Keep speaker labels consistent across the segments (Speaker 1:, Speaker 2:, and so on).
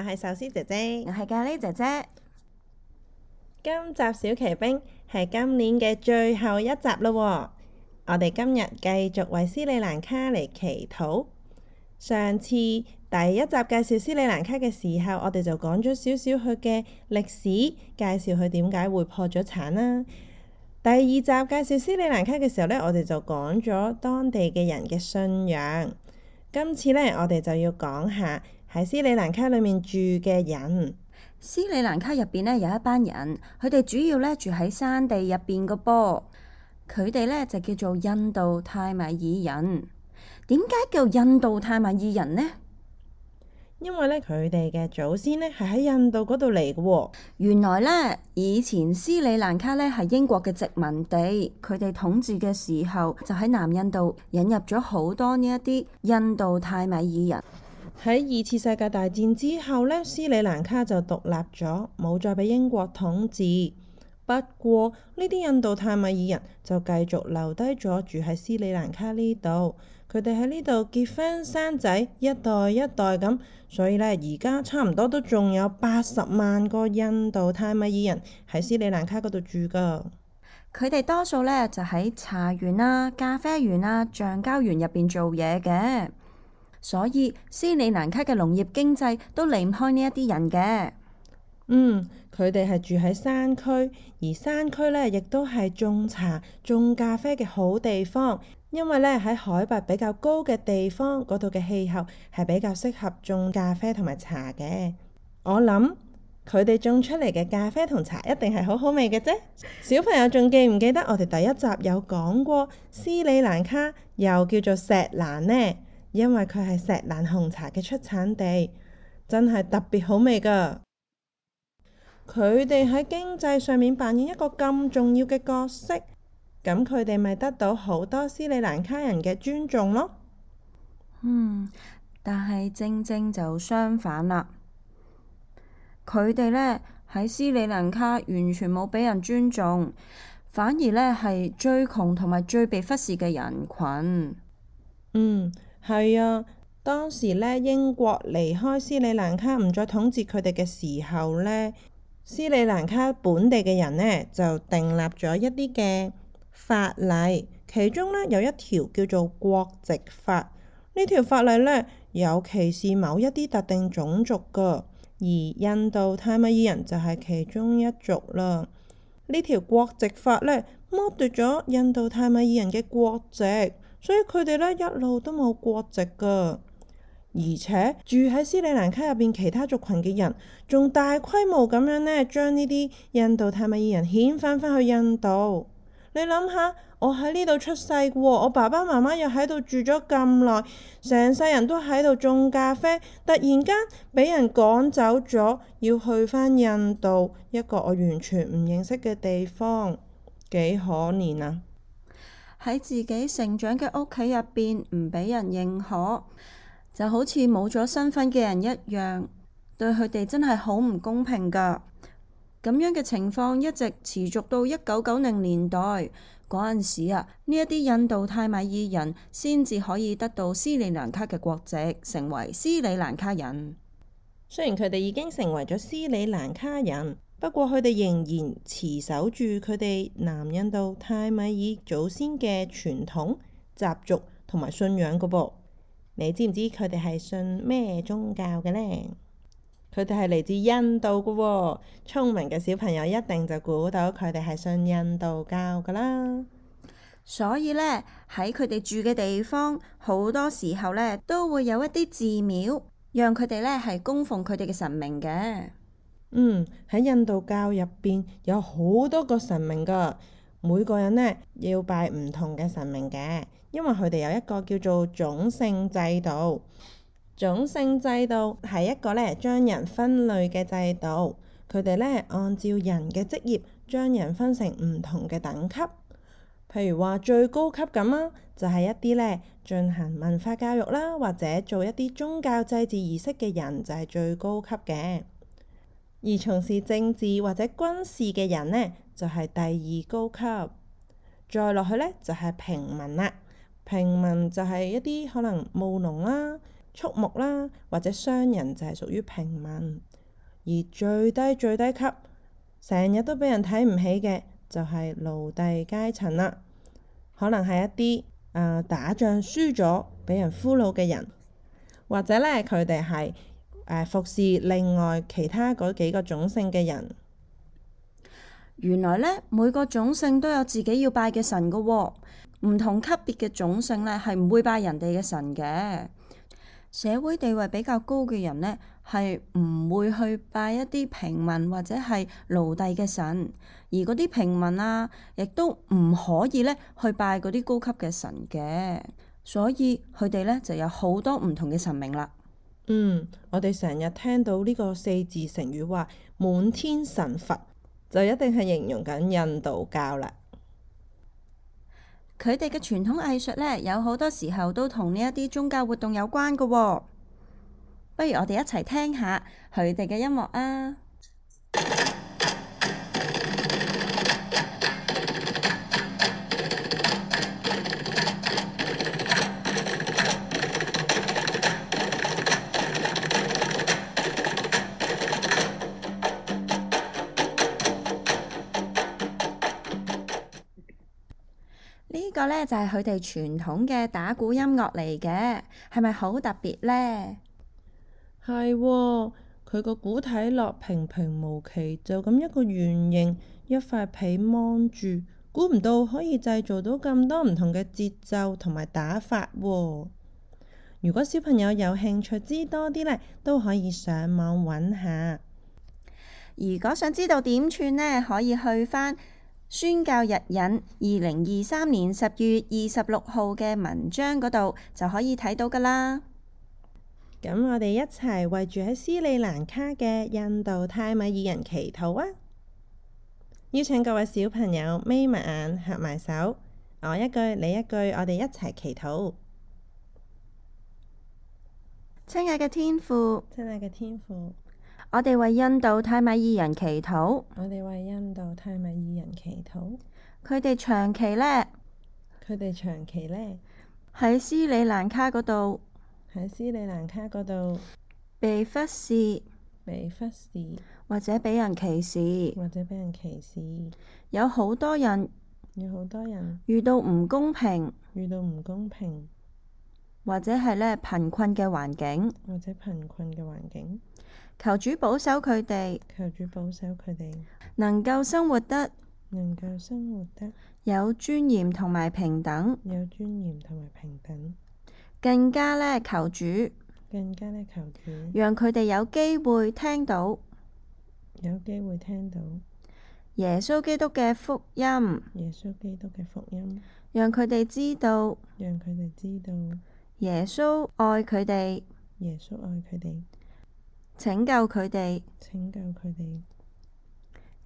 Speaker 1: 我係壽司姐姐，我係咖喱姐姐。今集小奇兵係今年嘅最後一集咯。我哋今日繼續為斯里蘭卡嚟祈禱。上次第一集介紹斯里蘭卡嘅時候，我哋就講咗少少佢嘅歷史，介紹佢點解會破咗產啦、啊。第二集介紹斯里蘭卡嘅時候咧，我哋就講咗當地嘅人嘅信仰。
Speaker 2: 今次咧，我哋就要講下。喺斯里蘭卡裏面住嘅人。斯里蘭卡入邊咧有一班人，佢哋主要咧住喺山地入邊個噃。佢哋咧就叫做印度泰米爾人。點解叫印度泰米爾人呢？因為咧佢哋嘅祖先咧係喺印度嗰度嚟嘅。原來咧以前斯里蘭卡咧係英國嘅殖民地，佢哋統治嘅時候就喺南印度引入咗好多呢一啲印度泰米爾人。喺二次世界大戰之後咧，斯里蘭卡就獨
Speaker 1: 立咗，冇再俾英國統治。不過呢啲印度泰米爾人就繼續留低咗住喺斯里蘭卡呢度，佢哋喺呢度結婚生仔，一代一代咁，所以咧而家差唔多都仲有八十
Speaker 2: 萬個印度泰米爾人喺斯里蘭卡嗰度住噶。佢哋多數咧就喺茶園啊、咖啡園啊、橡膠園入邊做嘢嘅。所以斯里蘭卡嘅農業經濟都離唔開呢一啲人嘅。嗯，佢哋係住喺山區，而山區咧亦都係種茶、
Speaker 1: 種咖啡嘅好地方。因為咧喺海拔比較高嘅地方，嗰度嘅氣候係比較適合種咖啡同埋茶嘅。我諗佢哋種出嚟嘅咖啡同茶一定係好好味嘅啫。小朋友仲記唔記得我哋第一集有講過斯里蘭卡又叫做石蘭呢？因為佢係錫蘭紅茶嘅出產地，真係特別好味噶。佢哋喺經濟上面扮演一個咁重要嘅角色，咁佢哋咪得到好多斯里蘭卡人嘅尊重咯。嗯，
Speaker 2: 但係正正就相反啦。佢哋咧喺斯里蘭卡完全冇俾人尊重，反而咧係最窮同埋最被忽視嘅人群。嗯。係啊，
Speaker 1: 當時咧，英國離開斯里蘭卡唔再統治佢哋嘅時候咧，斯里蘭卡本地嘅人咧就訂立咗一啲嘅法例，其中咧有一條叫做國籍法。呢條法例咧有歧視某一啲特定種族噶，而印度泰米爾人就係其中一族啦。呢條國籍法咧剝奪咗印度泰米爾人嘅國籍。所以佢哋咧一路都冇國籍噶，而且住喺斯里蘭卡入邊其他族群嘅人，仲大規模咁樣咧將呢啲印度泰米爾人遣翻翻去印度。你諗下，我喺呢度出世嘅喎，我爸爸媽媽又喺度住咗咁耐，成世人都喺度種咖啡，突然間俾人趕走咗，要去翻印度，一個我完全唔認識嘅地方，幾可憐
Speaker 2: 啊！喺自己成長嘅屋企入邊唔畀人認可，就好似冇咗身份嘅人一樣，對佢哋真係好唔公平噶。咁樣嘅情況一直持續到一九九零年代嗰陣時啊，呢一啲印度泰米爾人先至可以得到斯里蘭卡嘅國籍，成為斯里蘭卡人。雖然佢哋已經成為咗斯里
Speaker 1: 蘭卡人。不過佢哋仍然持守住佢哋南印度泰米爾祖先嘅傳統習俗同埋信仰個噃，你知唔知佢哋係信咩宗教嘅咧？佢哋係嚟自印度嘅喎，聰明嘅小朋友一定就估到佢哋係信印度教㗎啦。
Speaker 2: 所以咧，喺佢哋住嘅地方，好多時候咧都會有一啲寺廟，讓佢哋咧係供奉佢哋嘅神明嘅。
Speaker 1: 嗯，喺印度教入邊有好多個神明噶，每個人咧要拜唔同嘅神明嘅，因為佢哋有一個叫做種姓制度。種姓制度係一個咧將人分類嘅制度，佢哋咧按照人嘅職業將人分成唔同嘅等級。譬如話最高級咁啦，就係一啲咧進行文化教育啦，或者做一啲宗教祭祀儀式嘅人就係最高級嘅。而從事政治或者軍事嘅人呢，就係、是、第二高級。再落去呢，就係、是、平民啦。平民就係一啲可能務農啦、畜牧啦、啊、或者商人，就係屬於平民。而最低最低級，成日都俾人睇唔起嘅，就係、是、奴隸階層啦。可能係一啲誒、呃、打仗輸咗，俾人俘虜嘅人，或者呢，佢哋係。誒，服侍另外其他嗰幾個
Speaker 2: 種姓嘅人。原來咧，每個種姓都有自己要拜嘅神噶哦。唔同級別嘅種姓咧係唔會拜人哋嘅神嘅。社會地位比較高嘅人咧係唔會去拜一啲平民或者係奴隸嘅神，而嗰啲平民啊，亦都唔可以咧去拜嗰啲高級嘅神嘅。所以佢哋咧就有好多唔同嘅神明啦。嗯，我哋成日聽到呢個四字成語話滿天神佛，就一定係形容緊印度教啦。佢哋嘅傳統藝術咧，有好多時候都同呢一啲宗教活動有關㗎喎。不如我哋一齊聽下佢哋嘅音樂啊！呢個呢，就係佢哋傳統嘅打鼓音樂嚟嘅，係咪好特別呢？係、哦，佢個鼓體落平平
Speaker 1: 無奇，就咁一個圓形，一塊皮蒙住，估唔到可以製造到咁多唔同嘅節奏同埋打法，哦。如果
Speaker 2: 小朋友有興趣知多啲呢，都可以上網揾下。如果想知道點串呢，可以去翻，宣教日引二零二三年十月二十六號嘅文章嗰度就可以睇到噶啦。咁我哋一齊為住喺斯里蘭卡嘅印度泰米
Speaker 1: 爾人祈禱啊！邀請各位小朋友眯埋眼、合埋手，我一句你一句，我哋一齊祈禱。
Speaker 2: 親愛嘅天父，親愛嘅天父。我哋為印度泰米爾人祈禱。我哋為印度泰米爾人祈禱。佢哋長期呢，佢哋長期呢喺斯里蘭卡嗰度，喺斯里蘭卡嗰度被忽視，被忽視或者俾人歧視，或者俾人歧視。有好多人，有好多人遇到唔公平，遇到唔公平，或者係咧貧困嘅環境，或者貧困嘅環境。求主保守佢哋，求主保守佢哋，能夠生活得，能夠生活得，有尊嚴同埋平等，有尊嚴同埋平等，更加咧求主，更加咧求主，讓佢哋有機會聽到，有機會聽到耶穌基督嘅福音，耶穌基督嘅福音，讓佢哋知道，讓佢哋知道耶穌愛佢哋，耶穌愛佢哋。拯救佢哋，拯救佢哋。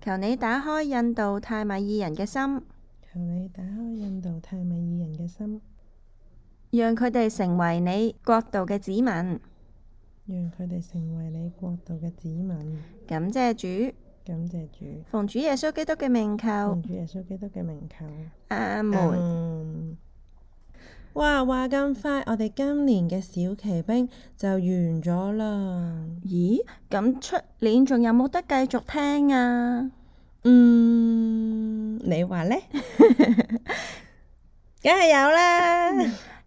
Speaker 2: 求你打開印度泰米爾人嘅心，
Speaker 1: 求你打開印度
Speaker 2: 泰米爾人嘅心，讓佢哋成為你國度嘅子民，讓佢哋成為你國度嘅子民。感謝主，感謝主，奉主耶穌基督嘅名求，奉主耶穌基督嘅名求。阿
Speaker 1: 們。Um, 哇！話咁快，我哋今年嘅小奇
Speaker 2: 兵就完咗啦。咦？咁出年仲有冇得繼續聽啊？嗯，你話咧？梗係 有啦！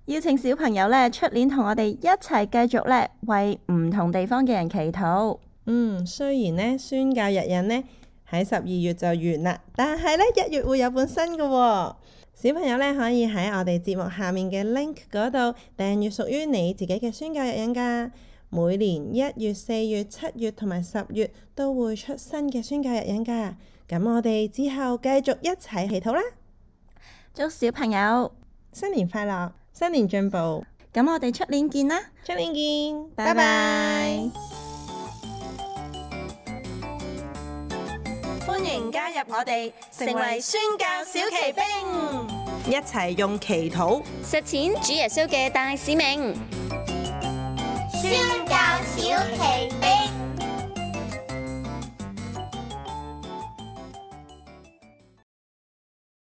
Speaker 2: 邀、嗯、請小朋友咧，出年同我哋一齊繼續咧，為唔同地方嘅人祈禱。嗯，雖然咧宣
Speaker 1: 教日引咧喺十二月就完啦，但係咧一月會有本新嘅喎、哦。小朋友咧可以喺我哋節目下面嘅 link 嗰度訂閱屬於你自己嘅宣教日引噶。每年一月、四月、七月同埋十月都會出新嘅宣教日引噶。咁我哋之後繼續一齊祈禱啦。
Speaker 2: 祝小朋友新年快樂，新年進步。咁我哋出年見啦，出年見，拜拜。拜拜。
Speaker 1: 歡迎加入我
Speaker 2: 哋，成為宣教小騎兵，一齊用祈禱實踐主耶穌嘅大使命。宣教小騎兵。